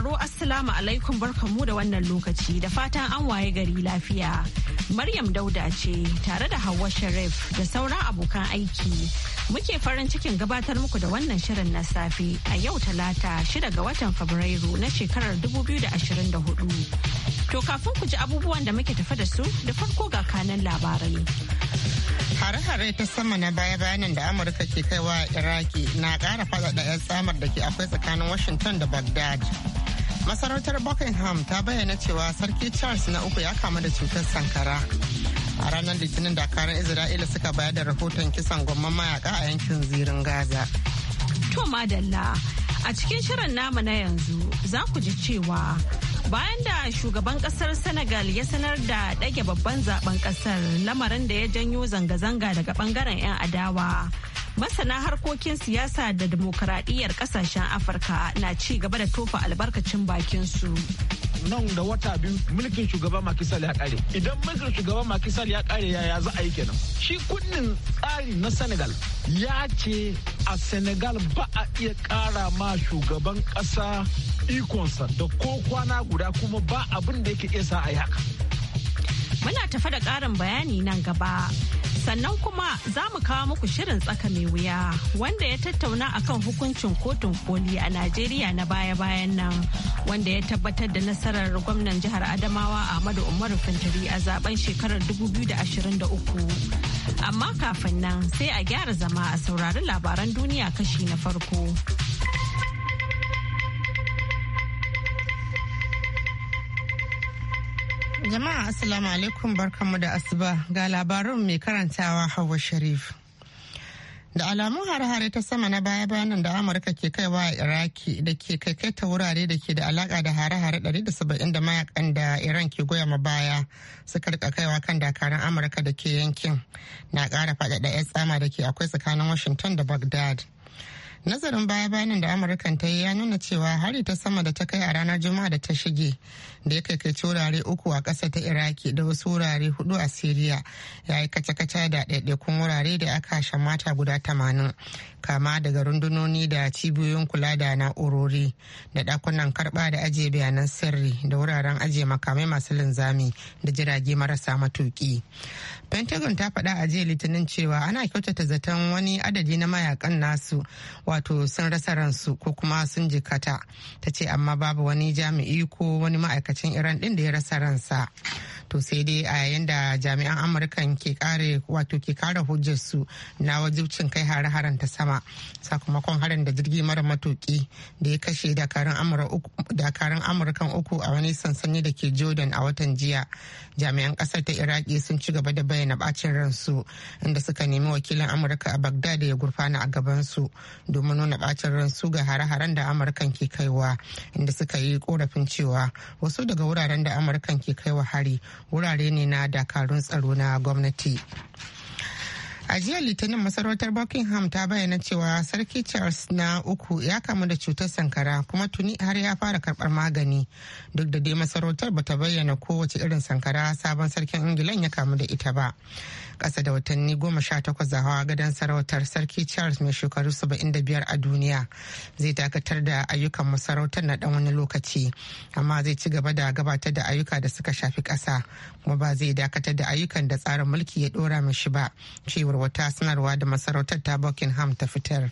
sauraro Assalamu alaikum barkanmu da wannan lokaci da fatan an waye gari lafiya. Maryam Dauda ce tare da Hauwa Sharif da sauran abokan aiki. Muke farin cikin gabatar muku da wannan shirin na safe a yau talata shida ga watan Fabrairu na shekarar 2024. To kafin ku ji abubuwan da muke tafa da su da farko ga kanan labarai. Hare-hare ta sama na baya-bayanin da Amurka ke kaiwa Iraki na kara fada da 'yan samar da ke akwai tsakanin Washington da Baghdad. Masarautar Buckingham ta bayyana cewa Sarki Charles na uku ya kamu da cutar sankara. A ranar Litinin dakarun Isra'ila suka bayar da rahoton kisan gwamman mayaka a yankin zirin Gaza. To madalla a cikin shirin namu na yanzu za ku ji cewa bayan da shugaban kasar Senegal ya sanar da ɗage babban zaben kasar lamarin da ya janyo zanga-zanga daga bangaren 'yan adawa. masana harkokin siyasa da demokuraɗiyyar ƙasashen afirka na ci gaba da tofa albarkacin bakinsu nan da wata biyu mulkin shugaban makisal ya kare idan mulkin shugaban makisal ya kare yaya za a yi kenan shi kunnin tsari na senegal ya ce a senegal ba a iya kara ma shugaban kasa ikonsa da ko kwana guda kuma ba abin da yake isa sa a yi haka Muna tafa da ƙarin bayani nan gaba. Sannan kuma za mu kawo muku shirin tsaka mai wuya wanda ya tattauna akan hukuncin kotun koli a Najeriya na baya-bayan nan wanda ya tabbatar da nasarar gwamnan jihar Adamawa Ahmadu Umaru Fintiri a zaben shekarar 2023. Amma kafin nan sai a gyara zama a saurari labaran duniya kashi na farko. Jama'a Assalamu alaikum barkanmu da asuba ga labarin mai karantawa Hauwa Sharif. Da alamun hare-hare ta sama na baya-bayanan da Amurka ke kaiwa a Iraki da ke kai kai ta wurare da ke da alaka da hare-hare 170 da mayakan da Iran ke goya ma baya suka rika kaiwa kan dakarun Amurka da ke yankin na ƙara faɗaɗa ya tsama da ke akwai tsakanin Washington da Bagdad. nazarin baya bayanin da amurkan ta yi ya nuna cewa hari ta sama da ta kai a ranar juma'a da ta shige da ya kaikaici wurare uku a ƙasa ta iraki da wasu wurare hudu a siriya ya yi kaca-kaca da ɗaiɗaikun wurare da aka mata guda tamanin kama daga rundunoni da cibiyoyin kula da na'urori da ɗakunan karɓa da ajiye bayanan sirri da wuraren ajiye makamai masu linzami da jirage marasa matuƙi pentagon ta faɗa a jiya litinin cewa ana kyautata zaton wani adadi na mayakan nasu wato sun rasa ransu ko kuma sun jikata ta ce amma babu wani jami'i ko wani ma'aikacin iran ɗin da ya rasa ransa to sai dai a yayin da jami'an amurkan ke kare wato ke kare su na wajibcin kai hare-haren ta sama sakamakon harin da jirgi mara matuki da ya kashe dakarun amurkan uku a wani sansani da ke jordan a watan jiya jami'an kasar ta iraki sun ci gaba da bayyana bacin ransu inda suka nemi wakilin amurka a bagdad ya gurfana a gabansu domin nuna bacin ransu ga hare-haren da amurkan ke kaiwa inda suka yi korafin cewa wasu daga wuraren da amurkan ke kaiwa hari wurare ne na dakarun tsaro na gwamnati a jiya litinin masarautar buckingham ta bayyana cewa sarki charles na uku ya kamu da cutar sankara kuma tuni har ya fara karbar magani duk da dai masarautar bata bayyana kowace irin sankara sabon sarkin ingilan ya kamu da ita ba kasa da watanni goma sha takwas da hawa gadon sarautar sarki charles mai shekaru saba'in da biyar a duniya zai dakatar da ayyukan masarautar na dan wani lokaci amma zai ci gaba da gabatar da ayyuka da suka shafi kasa kuma ba zai dakatar da ayyukan da tsarin mulki ya ɗora shi ba cewar wata sanarwa da masarautar ta buckingham ta fitar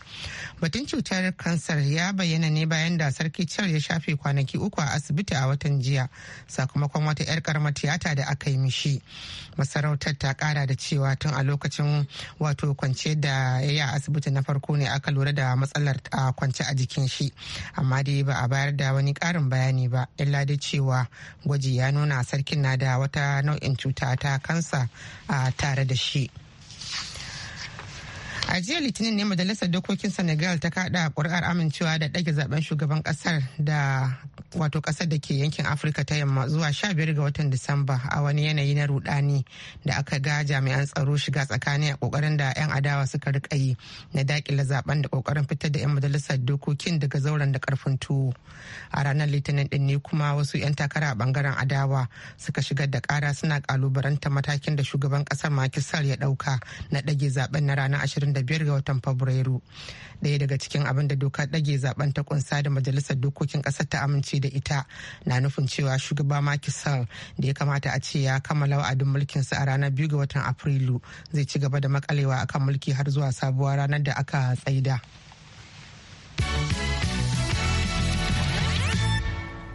batun cutar kansar ya bayyana ne bayan da sarki charles ya shafe kwanaki uku a asibiti a watan jiya sakamakon wata 'yar karamar tiyata da aka yi mishi masarautar ta kara da cewa cewa tun a lokacin wato kwance da ya yi a asibiti na farko ne aka lura da matsalar a kwance a jikin shi amma dai ba a bayar da wani karin bayani ba illa dai cewa gwaji ya nuna sarkin na da wata nau'in cuta ta kansa a tare da shi. a jiya litinin ne majalisar dokokin senegal ta kada kuri'ar amincewa da ɗage zaben shugaban ƙasar da wato kasar da ke yankin afirka ta yamma zuwa 15 ga watan disamba a wani yanayi na rudani da aka ga jami'an tsaro shiga tsakani a kokarin da 'yan adawa suka rika yi na dakila zaben da kokarin fitar da 'yan majalisar dokokin daga zauren da karfin tuwo a ranar litinin din ne kuma wasu 'yan takara a bangaren adawa suka shigar da kara suna kalubaranta matakin da shugaban kasar makisar ya dauka na dage zaben na ranar 25 ga watan fabrairu daya daga cikin abin da doka ɗage zaben ta kunsa da majalisar dokokin ƙasar ta amince da ita na nufin cewa shugaba Macky da ya kamata a ce ya kammala wa'adin mulkin sa a ranar biyu ga watan Afrilu zai ci gaba da makalewa a akan mulki har zuwa sabuwar ranar da aka tsaida.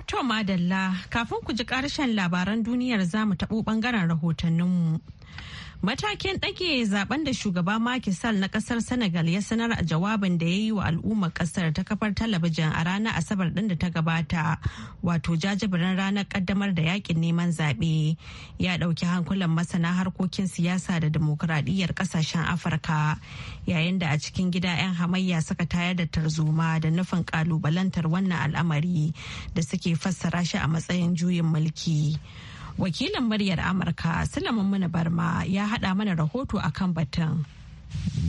To madalla kafin ku ji ƙarshen labaran duniyar zamu taɓo ɓangaren rahotanninmu. Matakin ɗage zaben da shugaba Macky Sall na ƙasar Senegal ya sanar a jawabin da ya yi wa al'ummar ƙasar ta kafar talabijin a ranar Asabar ɗin da ta gabata, wato jajibirin ranar ƙaddamar da yakin neman zaɓe. Ya ɗauki hankulan masana harkokin siyasa da demokuraɗiyyar ƙasashen Afirka, yayin da a cikin gida 'yan hamayya suka tayar da tarzoma da nufin ƙalubalantar wannan al'amari da suke fassara shi a matsayin juyin mulki. wakilin muryar amurka sulaiman mana barma ya hada mana rahoto a kan batun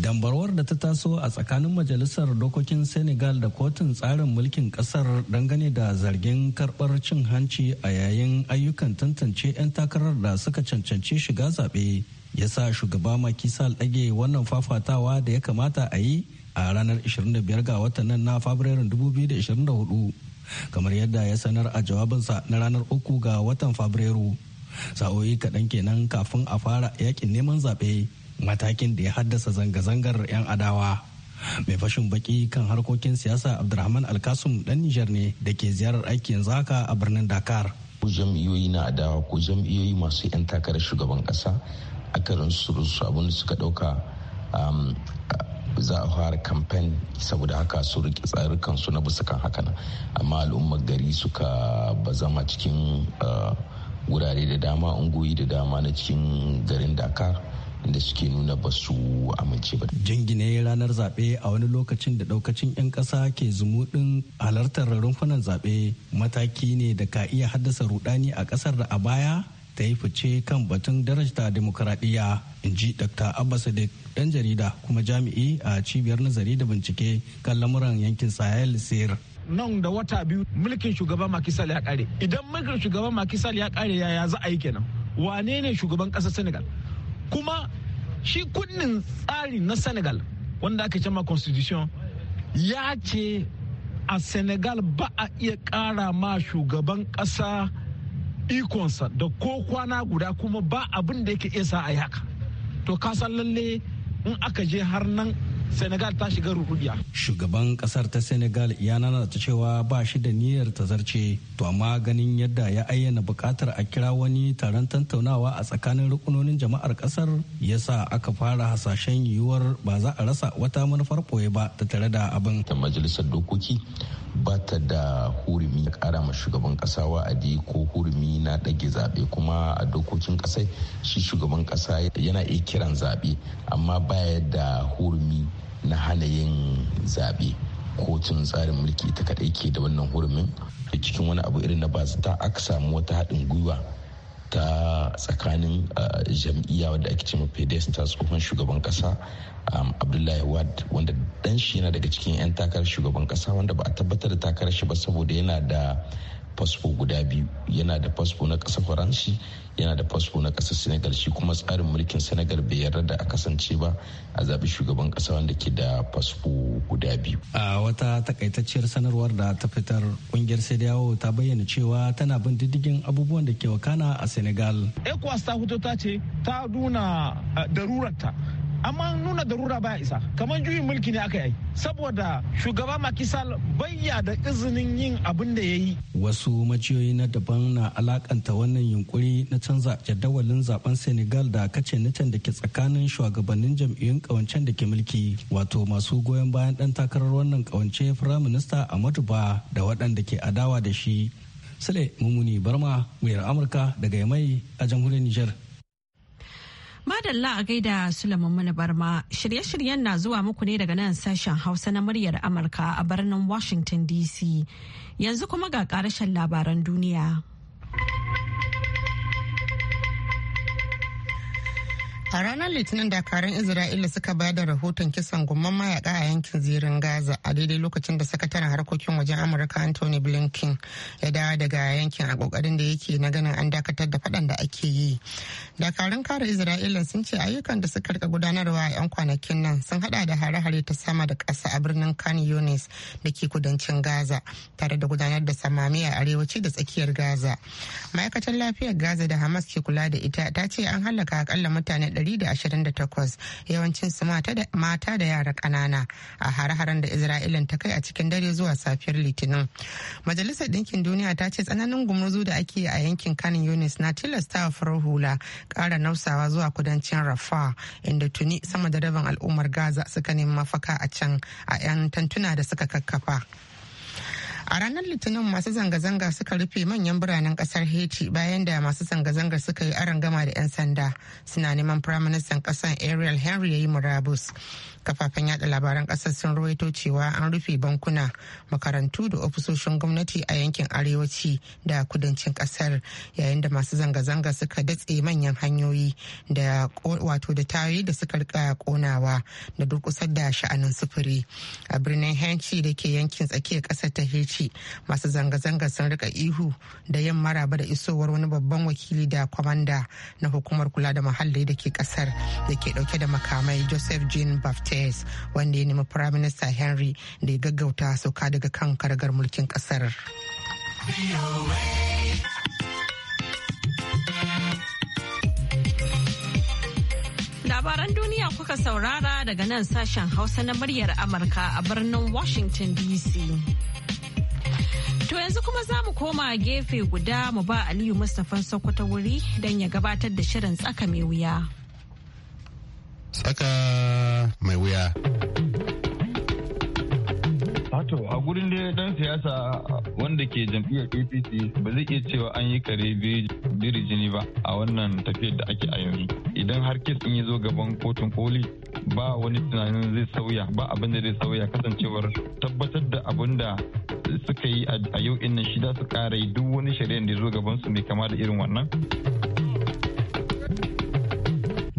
dambarwar da ta taso a tsakanin majalisar dokokin senegal da kotun tsarin mulkin kasar dangane da zargin karbar cin hanci a yayin ayyukan tantance 'yan takarar da suka cancanci shiga zaɓe ya sa shugaba makisal ɗage wannan fafatawa da ya kamata a yi a ranar 25 ga watan nan na fabrairun 2024 kamar yadda ya sanar a jawabinsa na ranar uku ga watan fabrairu sa'o'i kaɗan kenan kafin a fara yakin neman zaɓe matakin da ya haddasa zanga-zangar 'yan adawa mai fashin baki kan harkokin siyasa abdulrahman alkasum dan nijar ne da ke ziyarar aiki yanzu haka a birnin dakar ko jam'iyyoyi na adawa ko jam'iyyoyi masu 'yan takarar shugaban kasa akarin su abin da suka dauka um, za a fara kamfen saboda haka su riƙe tsarukan su na bisa kan haka nan amma al'ummar gari suka bazama cikin eh, wurare da dama ungoyi da dama na cikin garin dakar inda suke nuna ba su amince ba. Jingine ranar zaɓe a wani lokacin da ɗaukacin 'yan ƙasa ke zumuɗin halartar rumfunan zaɓe mataki ne da ka iya haddasa rudani a ƙasar da a baya ta yi fice kan batun darajta demokuraɗiyya in ji dr abba sadiq ɗan jarida kuma jami'i a cibiyar nazari da bincike kan lamuran yankin sahel sir nan da wata biyu mulkin shugaban makisal ya kare idan mulkin shugaban makisal ya kare ya za a yi kenan wane ne shugaban ƙasar senegal kuma shi kunnin tsari na senegal wanda aka cema constitution ya ce a senegal ba a iya ƙara ma shugaban ƙasa ikonsa da ko kwana guda kuma ba abin da yake isa a yi haka to kasan lalle in aka je har nan senegal ta shiga ruhudiya shugaban kasar ta senegal ya nana ta cewa ba shi da niyyar ta zarce to amma ganin yadda ya ayyana bukatar a kira wani taron tattaunawa a tsakanin rukunonin jama'ar kasar ya sa aka fara hasashen yiwuwar ba za a rasa wata manufar ɓoye ba ta tare da abin ta majalisar dokoki ba ta da hurumi ya kara ma shugaban kasa wa'adi ko hurumi na ɗage zaɓe kuma a dokokin ƙasai shi shugaban ƙasa yana iya kiran zaɓe amma baya da hurumi na hana yin zaɓe kotun tsarin mulki ta kaɗai ke da wannan hurumin cikin wani abu irin na ba ta aka samu wata haɗin gwiwa ta tsakanin ah, jam'iyya wadda ake cewa pedesta tsohon shugaban kasa abdullahi wad wanda dan shi yana daga cikin 'yan takarar shugaban kasa wanda ba a tabbatar da takarar shi ba saboda yana da fasfo guda biyu yana da fasfo na ƙasar faranshi yana da fasfo na ƙasar senegal shi kuma tsarin mulkin senegal bai yarda da a kasance ba a zaɓi shugaban ƙasa wanda ke da fasfo guda biyu a wata takaitacciyar sanarwar da ta fitar kungiyar sediyawo ta bayyana cewa tana bin diddigin abubuwan da ke wakana a senegal ecowas ta fito ta ce ta nuna eh, darurarta amma nuna da rura baya isa kamar juyin mulki ne aka yi saboda shugaba makisal bayya da izinin yin abin da ya yi wasu maciyoyi na daban na alakanta wannan yunkuri na canza jadawalin zaben senegal da kace nitan da ke tsakanin shugabannin jam'iyyun kawancen da ke mulki wato masu goyon bayan dan takarar wannan kawance firaminista amadu ba da waɗanda ke adawa da shi sule mummuni barma muryar amurka daga yamai a jamhuriyar niger Madalla a gaida Sulaiman mana Barma shirye-shiryen na zuwa muku ne daga nan sashen Hausa na muryar Amurka a birnin Washington DC. Yanzu kuma ga karashen labaran duniya. A ranar Litinin dakarun Isra'ila suka ba da rahoton kisan gumman mayaka a yankin zirin Gaza a daidai lokacin da sakataren harkokin wajen Amurka Anthony Blinken ya dawo daga yankin a kokarin da yake na ganin an dakatar da faɗan da ake yi. Dakarun kare Isra'ila sun ce ayyukan da suka rika gudanarwa a 'yan kwanakin nan sun hada da hare-hare ta sama da ƙasa a birnin Khan Yunis da ke kudancin Gaza tare da gudanar da samami a arewaci da tsakiyar Gaza. Ma'aikatar lafiyar Gaza da Hamas ke kula da ita ta ce an halaka akalla mutane 128 yawancin su mata da yara ƙanana a har-haren da isra'ila ta kai a cikin dare zuwa safiyar litinin majalisar ɗinkin duniya ta ce tsananin gumurzu da ake a yankin kanin yunis na tilasta a farar hula ƙara nausawa zuwa kudancin rafa inda tuni sama da rabin al'ummar gaza suka nemi mafaka a can a 'yan tantuna da suka kakkafa. A ranar Litinin masu zanga-zanga suka rufe manyan biranen kasar Haiti bayan da masu zanga-zangar suka yi gama da 'yan sanda suna neman Firaministan ƙasar Ariel Henry ya yi murabus. kafafen yada labaran kasar sun ruwaito cewa an rufe bankuna makarantu da ofisoshin gwamnati a yankin arewaci da kudancin kasar yayin da masu zanga-zanga suka datse manyan hanyoyi da wato da tayoyi da suka rika konawa da durkusar da sha'anin sufuri a birnin hanci da ke yankin tsakiyar kasar ta heci masu zanga-zanga sun rika ihu da yin maraba da isowar wani babban wakili da kwamanda na hukumar kula da muhalli da ke kasar da ke dauke da makamai joseph jean baptist chase wanda ya nemi firaminista henry da ya gaggauta sauka daga kan karagar mulkin kasar labaran duniya kuka saurara daga nan sashen hausa na muryar amurka a birnin washington dc To yanzu kuma za mu koma gefe guda mu ba Aliyu Mustapha Sokoto wuri don ya gabatar da shirin tsaka mai wuya. tsaka mai wuya. Hato a gurin da dan siyasa wanda ke jam'iyyar APC ba zai iya cewa an yi kare biyu ba a wannan tafiyar da ake a yanzu. Idan har kes ya zo gaban kotun koli ba wani tunanin zai sauya ba abin da zai sauya kasancewar tabbatar da abin da suka yi a yau innan shi za su kara duk wani shari'ar da ya zo gaban su mai kama da irin wannan.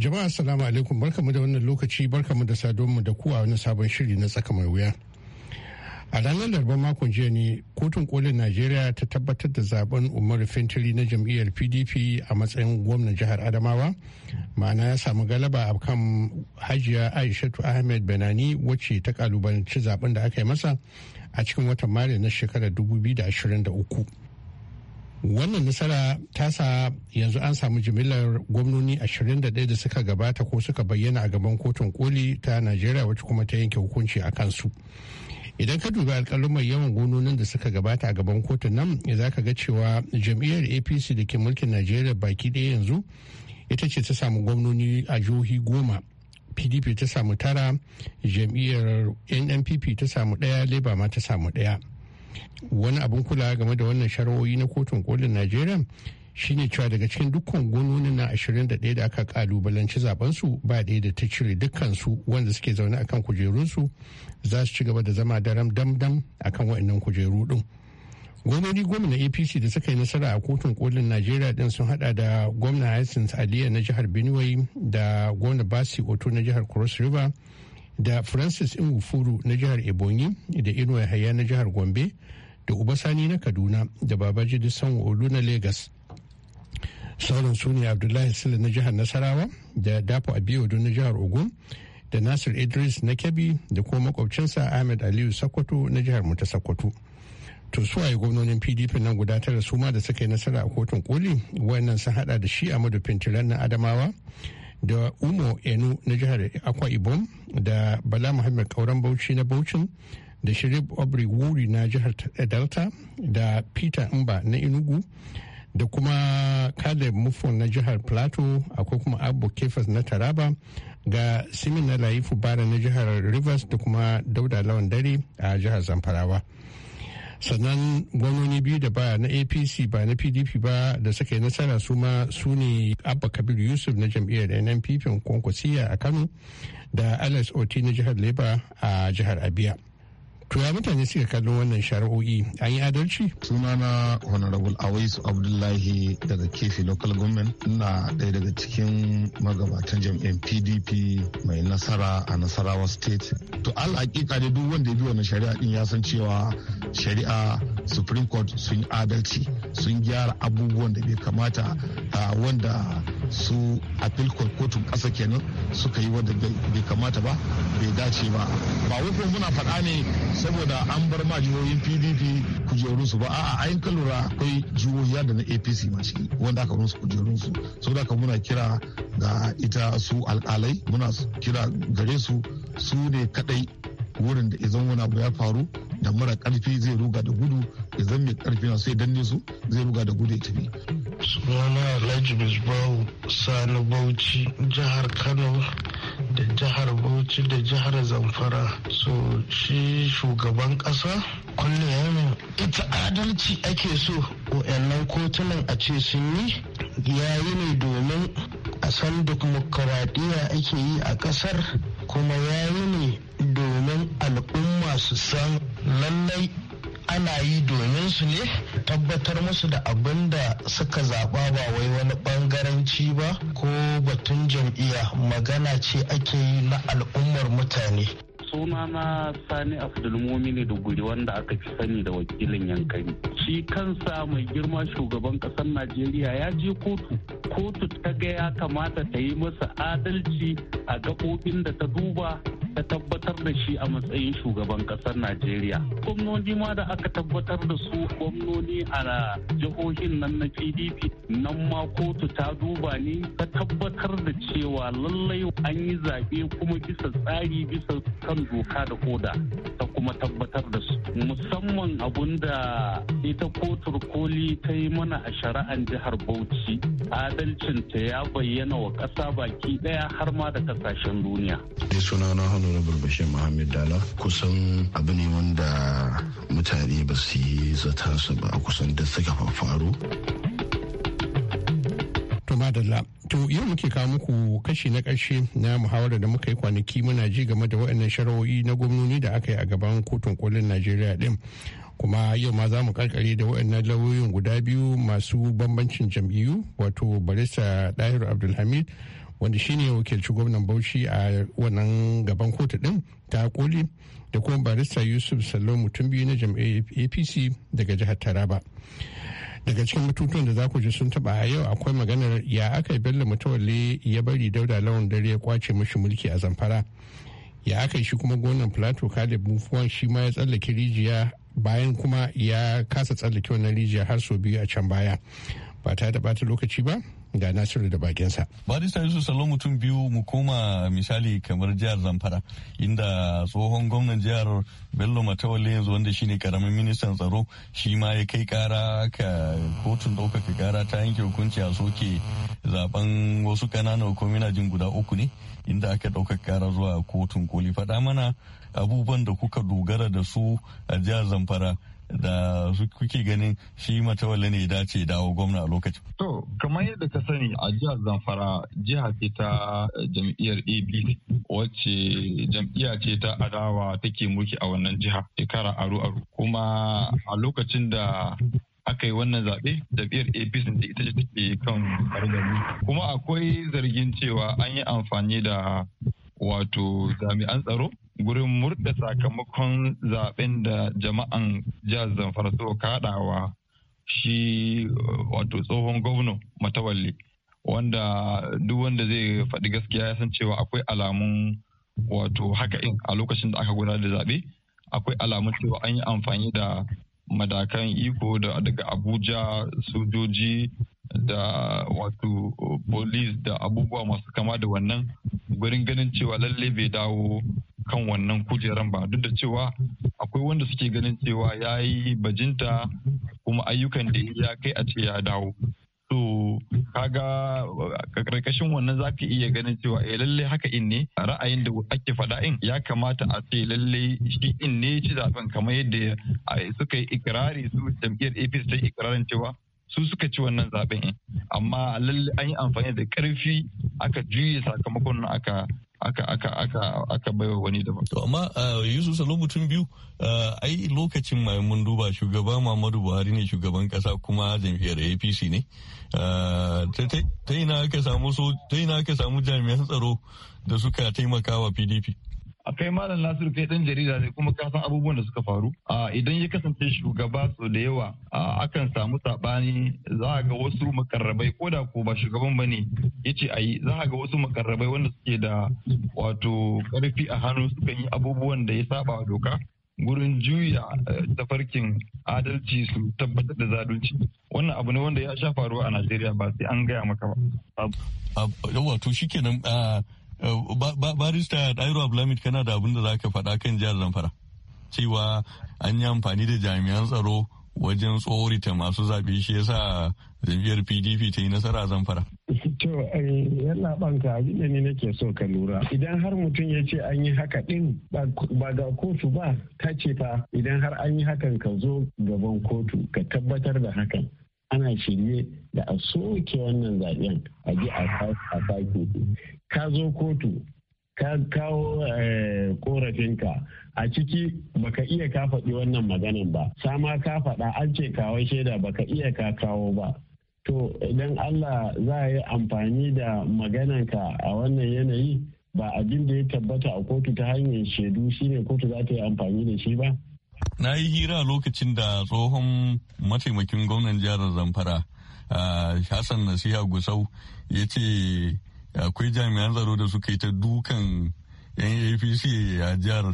Jama'a assalamu alaikum barkamu da wannan lokaci barkamu da sadonmu da kuwa wani sabon shiri na tsaka mai wuya. A ranar Laraba makon jiya ne kotun kolin Najeriya ta tabbatar da zaben Umar Fintiri na jam'iyyar PDP a matsayin gwamnan jihar Adamawa. Ma'ana ya samu galaba a kan Hajiya Aishatu Ahmed Benani wacce ta kalubalanci zaben da aka yi masa a cikin watan Maris na shekarar 2023. wannan nasara ta sa yanzu an samu jimillar gwamnoni 21 da suka gabata ko suka bayyana a gaban kotun koli ta najeriya wacce kuma ta yanke hukunci a kansu idan ka dubi alkalumar yawan gononin da suka gabata a gaban kotun nan za ka ga cewa jam'iyyar apc da ke mulkin najeriya baki ɗaya yanzu ita ce ta samu gwamnoni a jihohi goma pdp ta samu tara jam'iyyar nnpp ta samu ɗaya leba ma ta samu ɗaya wani abin kula game da wannan shari'o'i na kotun kolin najeriya shine cewa daga cikin dukkan gononin na 21 da aka kalubalanci zabensu ba daya da ta cire dukkansu wanda suke zaune akan kujerunsu za su ci gaba da zama daram damdam akan waɗannan kujeru din gwamnati goma na apc da suka yi nasara a kotun kolin najeriya din sun hada da gwamna hassan aliya na jihar benue da gwamna basi oto na jihar cross river da francis nwufuru na jihar ebonyi da inuwa haya na jihar gombe da ubasani na kaduna da babaji da san olu na legas sauran su ne abdullahi sila na jihar nasarawa da dapo abiyodu na jihar ogun da nasir idris na kebbi da kuma makwabcinsa ahmed aliyu sokoto na jihar muta ta to su a gwamnonin pdp nan guda tara su ma da suka yi nasara a kotun koli wannan sun hada da shi a madufin tiran na adamawa da umo enu na jihar akwa ibom da bala muhammad kauran bauchi na bauchin da shirib obri wuri na jihar delta da peter mba na inugu da kuma kaleb mufo na jihar plateau akwai kuma abu kefas na taraba ga simin na laifu bara na jihar rivers da kuma dauda lawan dare a jihar zamfarawa sannan gwamnoni biyu da ba na apc ba na pdp ba da suka yi nasara su ma su ne abba kabir yusuf na jam'iyyar nnpp kwankwasiya a kano da alex oti na jihar leba a jihar abia to ya mutane suka kallon wannan shari'o'i an yi adalci Suna na honorable awaisu abdullahi daga kefi local government na ɗaya daga cikin magabatan jam'iyyar pdp mai nasara a nasarawa state to alhaƙiƙa ne duk wanda ya bi wannan shari'a din ya san cewa shari'a supreme court sun yi adalci sun gyara abubuwan da bai kamata wanda su appeal court kotun ƙasa kenan suka yi wanda bai kamata ba bai dace ba ba wai muna faɗa ne saboda an bar ma jihohin pdp kujerunsu ba a'a ayin kalura akwai jihohiya da na apc ma wanda aka musu kujerunsu saboda haka muna kira ga ita su alkalai muna kira gare su su ne kadai wurin da izan wani abu ya faru da mara karfi zai ruga da gudu ya zan mai karfi na sai danne su zai ruga da gudu ya tafi sunana alhaji Bisbau sani bauchi jihar kano da jihar bauchi da jihar zamfara so shi shugaban kasa kullum yamin ita adalci ake so wa'annan kotunan a ce sun yi yi ne domin a san dimokuraɗiyya ake yi a ƙasar kuma ya yi ne domin al'umma su san lallai ana yi domin su ne tabbatar musu da abin da suka zaɓa ba wai wani ɓangaranci ba ko batun jam'iyya magana ce ake yi na al'ummar mutane suna na sani ne da duguri wanda aka fi sani da wakilin yankari shi kansa mai girma shugaban kasar najeriya ya je kotu kotu ta ga ya kamata ta yi masa adalci a gaɓoɓin da ta duba ta tabbatar da shi a matsayin shugaban kasar najeriya gwamnoni ma da aka tabbatar da su gwamnoni ne a jihohin nan na pdp nan ma kotu ta duba ne ta tabbatar da cewa lallai an yi zaɓe kuma bisa tsari bisa kan doka da koda ta kuma tabbatar da su musamman abun da ita kotur koli ta yi mana a shari'an jihar bauchi adalcin ta ya bayyana wa ƙasa baki ɗaya har ma da ƙasashen duniya. ne suna na hannun bashir muhammad dala kusan abu ne wanda mutane ba su yi su ba a kusan duk suka faru. To yau muke kawo muku kashi na ƙarshe na muhawarar da muka yi kwanaki muna ji game da waɗannan shari'o'i na gwamnoni da aka yi a gaban kotun kolin Najeriya ɗin. kuma yau ma za mu karkare da waɗannan lauyoyin guda biyu masu bambancin jam'iyyu wato barista dahiru abdulhamid wanda shine wakilci gwamnan bauchi a wannan gaban kotu din ta koli da kuma barista yusuf sallo mutum biyu na jam'iyyar apc daga jihar taraba daga cikin mutuntun da za ku ji sun taba a yau akwai maganar ya aka yi bello mutawalle ya bari dauda lawan dare ya kwace mashi mulki a zamfara ya aka shi kuma gonan plateau kalib mufuwan shi ma ya tsallake rijiya bayan kuma ya kasa tsallake wannan rijiya har sau biyu a can baya ba ta da bata lokaci ba ga nasiru da bakinsa. barista yusuf salon mutum biyu mu koma misali kamar jihar zamfara inda tsohon gwamnan jihar bello matawalle yanzu wanda shine karamin ministan tsaro shi ma ya kai kara ka kotun ɗaukaka kara ta yanke hukunci a soke zaben wasu ƙananan kwaminajin guda uku ne inda aka ɗaukaka kara zuwa kotun koli faɗa mana abubuwan da kuka dogara da su a jihar zamfara da kuke ganin shi mata Wale ne dace dawo gwamna a lokacin. To, kamar yadda ka sani a jihar Zamfara jiha ce ta jam'iyyar APC wacce jam'iyya ce ta adawa take mulki a wannan jiha shekara aru-aru. Kuma a lokacin da aka yi wannan zaɓe jam'iyyar apc da ita ce take kan fargami kuma akwai zargin cewa an yi amfani da wato jami'an tsaro gurin murda sakamakon zaben da jama'an jihar zamfara suka kaɗawa shi wato tsohon gwamna matawalle wanda duk wanda zai faɗi gaskiya ya san cewa akwai alamun wato haka in a lokacin da aka gudanar da zaɓe akwai alamun cewa an yi amfani da madakan iko daga abuja sojoji da wato police da abubuwa masu kama da wannan gurin ganin cewa lalle bai dawo kan wannan kujeran ba duk da cewa akwai wanda suke ganin cewa ya yi bajinta kuma ayyukan da ya kai a ce ya dawo to kaga karkashin wannan za ka iya ganin cewa eh lalle haka in ne ra'ayin da ake faɗa in ya kamata a ce lalle shi in ne ci zaben kamar yadda eh, suka yi ikirari su jam'iyyar APC ta ikirarin cewa su suka ci wannan zaben amma lalle an yi amfani da karfi aka juye sakamakon na aka aka aka aka aka baiwa wani daban. To amma ah, Yusuf Salo mutum biyu ah, ai lokacin mai mun duba shugaba Muhammadu Buhari ne shugaban kasa kuma jam'iyyar APC ne. Ah, ta ina aka samu jami'an tsaro da suka taimaka wa PDP. kai malam nasiru kai dan jarida ne kuma ka san abubuwan da suka faru a idan ya kasance shugaba so da yawa akan samu sabani za a ga wasu makarrabai ko da ko ba shugaban ba ne ya ce a yi za a ga wasu makarrabai wanda suke da wato karfi a hannu suka yi abubuwan da ya saba doka gurin juya eh, tafarkin adalci su tabbatar da zalunci wannan abu ne wanda ya sha faruwa a najeriya ba sai an gaya maka ba Uh, barista Dairo Abdulhamid kana da abin da za ka faɗa kan jihar Zamfara cewa an yi amfani da jami'an tsaro wajen tsorita masu zaɓe shi ya yasa jam'iyyar PDP ta yi nasara a Zamfara. To yana banka ne ni nake so ka lura idan har mutum ya ce an yi haka din ba ga kotu ba ta ce fa idan har an yi hakan ka zo gaban kotu ka tabbatar da hakan. ana shirye da a soke wannan zaɓen a ji a sake ka zo kotu ka kawo eh, korafinka a ciki baka iya ka faɗi wannan maganin ba sama ka faɗa an ce kawo shaida baka iya ka kawo ba to idan allah za a yi amfani da magananka a wannan yanayi ba abin da ya tabbata a kotu ta hanyar shaidu shine kotu za ta yi amfani da shi ba na yi hira lokacin da tsohon mataimakin gwamnan jihar zamfara ah, hassan nasiha gusau ya ce akwai jami'an tsaro da suka yi ta dukan yan apc a jihar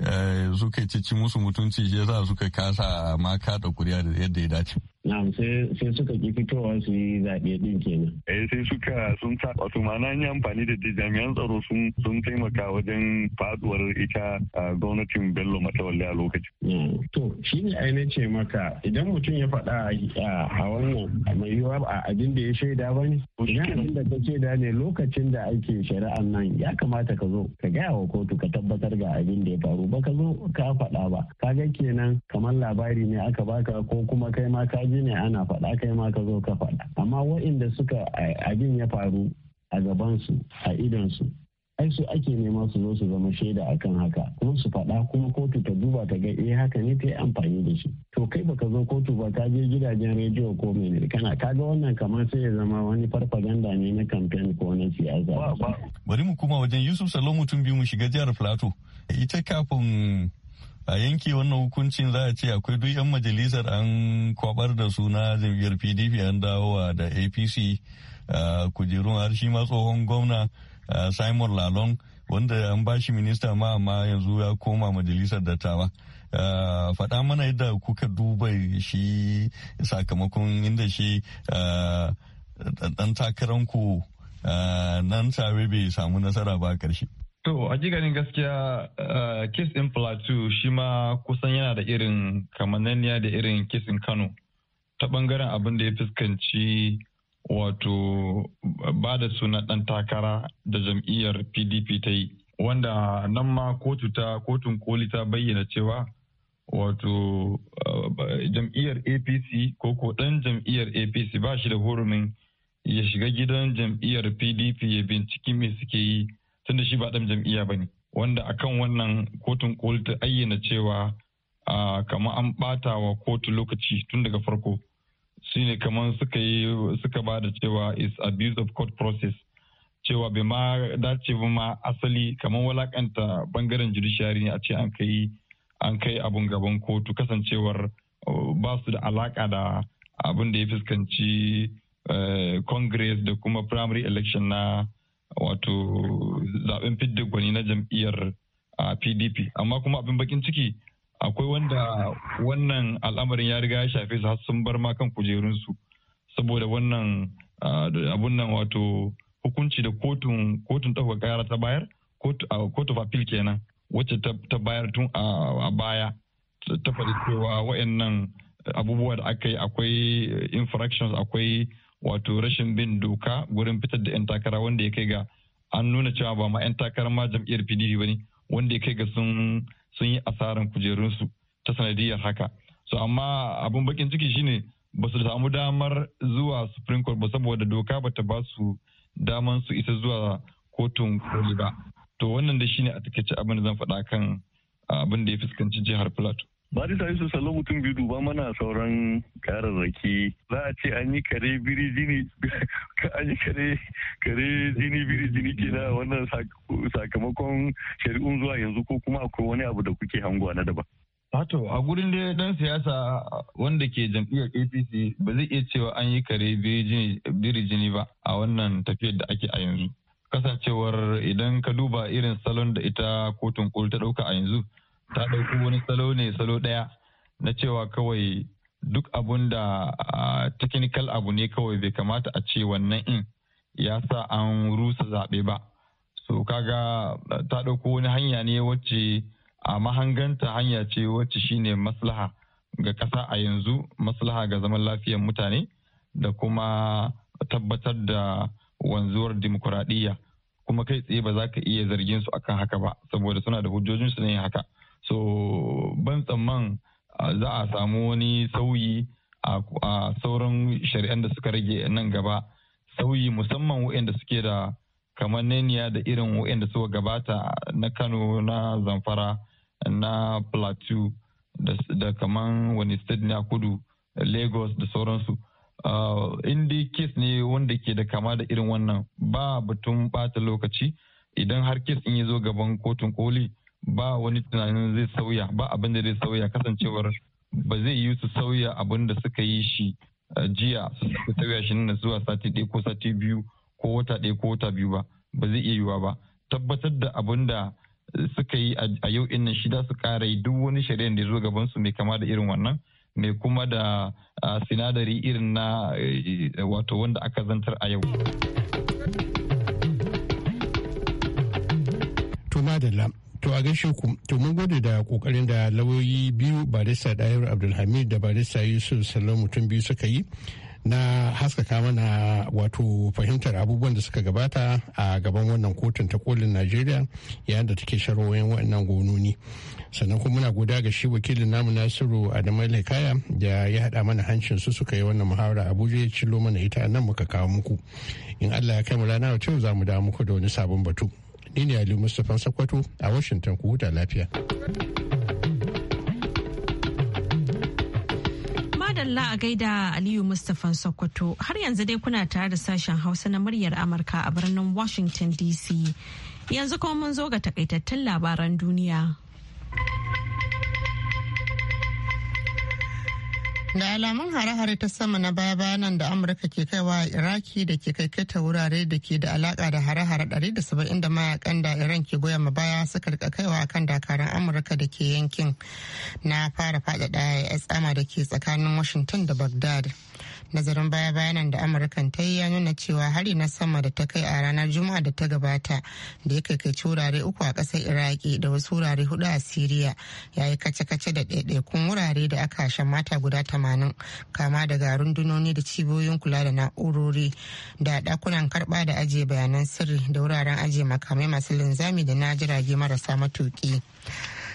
eh, suka ci musu mutunci shi yasa suka kasa ma kada kuriya da yadda ya dace Na'am sai suka ki fitowa su yi zaɓe ɗin kenan. Eh sai suka sun sa wato ma'ana yi amfani da jami'an tsaro sun taimaka wajen faduwar ita gwamnatin Bello Matawalle a lokacin. To shi ne ai ce maka idan mutum ya faɗa a wannan mai yiwuwa a abin da ya shaida ba ne. Idan abin da ka shaida ne lokacin da ake shari'ar nan ya kamata ka zo ka gaya wa kotu ka tabbatar ga abin da ya faru ba ka zo ka faɗa ba. ka ga kenan kamar labari ne aka baka ko kuma kai ma ka ji ne ana faɗa kai ma ka zo ka faɗa amma waɗanda suka abin ya faru a gabansu a idonsu ai su ake nema su zo su zama shaida akan haka kuma su faɗa kuma kotu ta duba ta ga eh haka ne ta yi amfani da shi to kai baka zo kotu ba ka je gidajen rediyo ko mene kana kaga wannan kamar sai ya zama wani farfaganda ne na kamfen ko na siyasa bari mu kuma wajen Yusuf Salomu tun biyu mu shiga jihar Plateau ita kafin a yanke wannan hukuncin za a ce akwai duk 'yan majalisar an kwabar da suna jam'iyyar pdp an dawowa da apc kujerun har shi ma tsohon gwamna simon lalon wanda an ba shi minista ma amma yanzu ya koma majalisar dattawa faɗa mana yadda kuka duba shi sakamakon inda shi ɗan takaranku nan tare bai samu nasara ba a ƙarshe To, a ganin gaskiya kes eh, ɗin Plateau shi ma kusan yana da irin kamananniya da irin kesin Kano ta ɓangaren abin da ya fuskanci wato ba da suna ɗan takara da jam'iyyar PDP ta yi. Wanda nan ma kotu ta kotun koli ta bayyana cewa wato eh, jam'iyyar apc ko ko ɗan jam'iyyar apc ba shi da hurumin ya shiga gidan jam'iyyar pdp ya binciki me suke yi tunda shi ba dan jam'iyya bane wanda akan wannan kotun koli ta ayyana cewa kama an bata wa kotu lokaci tun daga farko shine kamar suka yi suka ba da cewa is abuse of court process cewa bai ma dace ba ma asali kamar walakanta bangaren judiciary a ce an kai an kai abun gaban kotu kasancewar uh, ba su da alaka da abin da ya fuskanci uh, congress da kuma primary election na wato zaben fidda gwani na jam'iyyar pdp amma kuma abin bakin ciki akwai wanda wannan al'amarin ya riga ya shafe su har sun bar ma kan kujerunsu saboda wannan abun nan wato hukunci da kotun kotun ɗaukar kara ta bayar kotu fafil kenan wacce ta bayar tun a baya ta faɗi cewa wa'annan abubuwa da aka yi akwai infractions akwai wato rashin bin doka wurin fitar da 'yan takara wanda ya kai ga an nuna cewa ba ma 'yan takara ma jam'iyyar pdp ba ne wanda ya kai ga sun yi asaran kujerunsu ta sanadiyar haka so amma abin bakin ciki shine ba su samu damar zuwa supreme court ba saboda doka ba ta ba su daman su isa zuwa kotun koli ba to wannan da shine a takaice abin da zan faɗa kan abin da ya fuskanci jihar plateau da Yusuf Salo mutum biyu duba mana sauran kararraki za a ce an yi kare biri jini an yi kare kare jini biri ke na wannan sakamakon shari'un zuwa yanzu ko kuma akwai wani abu da kuke hangowa na daban. Wato a gurin da dan siyasa wanda ke jam'iyyar APC ba zai iya cewa an yi kare biri jini ba a wannan tafiyar da ake a yanzu. Kasancewar idan ka duba irin salon da ita kotun koli ta ɗauka a yanzu ta ɗauki wani salo ne salo ɗaya na cewa kawai duk abun da technical abu ne kawai bai kamata a ce wannan in ya sa an rusa zaɓe ba so kaga ta ɗauko wani hanya ne wacce a mahanganta hanya ce wacce shine maslaha ga ƙasa a yanzu maslaha ga zaman lafiyar mutane da kuma tabbatar da wanzuwar dimokuraɗiyya kuma kai tsaye ba za ka iya zargin su akan haka ba saboda suna da hujjojinsu ne haka so ban tsamman za a samu wani sauyi a sauran shari'an da suka rage nan gaba sauyi musamman waɗanda suke da kamar neniya da irin waɗanda suka gabata na kano na zamfara na plateau da kamar wani state na kudu lagos da sauransu indi kes ne wanda ke da kama da irin wannan ba batun bata lokaci idan har kes in yi zo gaban kotun koli ba wani tunanin zai sauya ba abin da zai sauya kasancewar ba zai yi su sauya abin da suka yi shi eh, jiya su sauya shi nan zuwa sati ɗaya ko sati biyu ko wata ɗaya ko wata biyu ba ba zai iya yiwuwa ba tabbatar da abin da eh, suka yi a yau in nan shi da su ƙara yi duk wani shari'ar da ya zo gaban su mai kama da irin wannan mai kuma da sinadari irin na eh, wato wanda aka zantar a yau. tuna da To a gaishe ku, to mun gode da kokarin da lauyoyi biyu barista Dayar Abdulhamid da barista Yusuf salon mutum biyu suka yi na haskaka mana wato fahimtar abubuwan da suka gabata a gaban wannan kotun ta kolin Najeriya yayin da take sharwoyin wannan gononi. Sannan kuma muna goda ga shi wakilin namu Nasiru Adamu laikaya da ya haɗa mana hancin su suka yi wannan muhawara Abuja ya cilo mana ita nan muka kawo muku. In Allah ya kai mu rana wacce za mu damu muku da wani sabon batu. ni ne ali mustapha sakwato a washington ku huta lafiya madalla a gaida aliyu mustapha sokoto har yanzu dai kuna tare da sashen hausa na muryar amurka a birnin washington dc yanzu kuma mun zo ga takaitattun labaran duniya da alamun hare-hare ta sama na baya bayanan da amurka ke kaiwa iraki da ke kai kai ta wurare da ke da alaka da hare-hare 170 da mayakan da iran ke goya ma baya suka rika kaiwa kan dakarun amurka da ke yankin na fara faɗaɗa ya tsama da ke tsakanin washington da baghdad nazarin baya bayanan da amurkan ta yi ya nuna cewa hari na sama da ta kai a ranar juma'a da ta gabata da ya kaikaici wurare uku a ƙasar iraki da wasu wurare hudu a siriya ya yi kace-kace da ɗaiɗaikun wurare da aka shan mata guda tamanin kama daga rundunoni da cibiyoyin kula da na'urori da ɗakunan karɓa da ajiye bayanan sirri da wuraren ajiye makamai masu linzami da na jirage marasa matuƙi.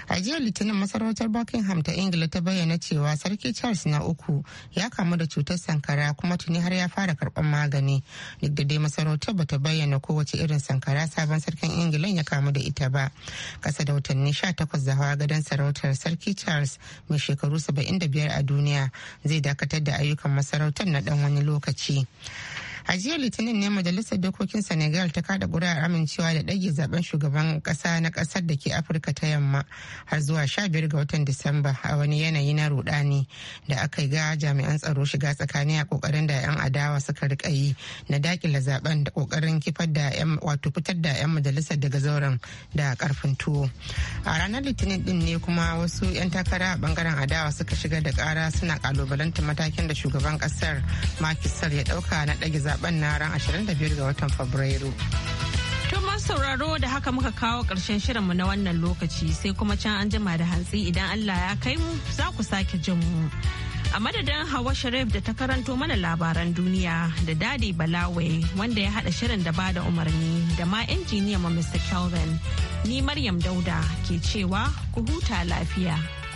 a jiya litinin masarautar buckingham ta ingila ta bayyana cewa sarki charles na uku ya kamu da cutar sankara kuma tuni har ya fara karban magani duk da dai masarautar ba ta bayyana kowace irin sankara sabon sarkin ingila ya kamu da ita ba kasa da watanni 18 da hawa gadon sarautar sarki charles mai shekaru saba'in da biyar a duniya zai dakatar da ayyukan masarautar na dan wani lokaci a jiya litinin ne majalisar dokokin senegal ta kada ƙuri'ar amincewa da ɗage zaben shugaban ƙasa na ƙasar da ke afirka ta yamma har zuwa 15 ga watan disamba a wani yanayi na rudani da aka ga jami'an tsaro shiga tsakani a kokarin da 'yan adawa suka rika yi na dakila zaben da kokarin kifar da 'yan wato fitar da 'yan majalisar daga zauren da karfin tuwo a ranar litinin din ne kuma wasu 'yan takara a bangaren adawa suka shiga da kara suna kalubalanta matakin da shugaban kasar makisar ya ɗauka na ɗage zaben zaben na ran 25 ga watan Fabrairu. Tun masu sauraro da haka muka kawo ƙarshen shirinmu na wannan lokaci sai kuma can an jima da hantsi idan Allah ya kai mu za ku sake jin mu. A madadin Hawa Sharif da ta karanto mana labaran duniya da Dadi Balawe wanda ya haɗa shirin da bada umarni da ma injiniya ma Mr. Kelvin. Ni Maryam Dauda ke cewa ku huta lafiya.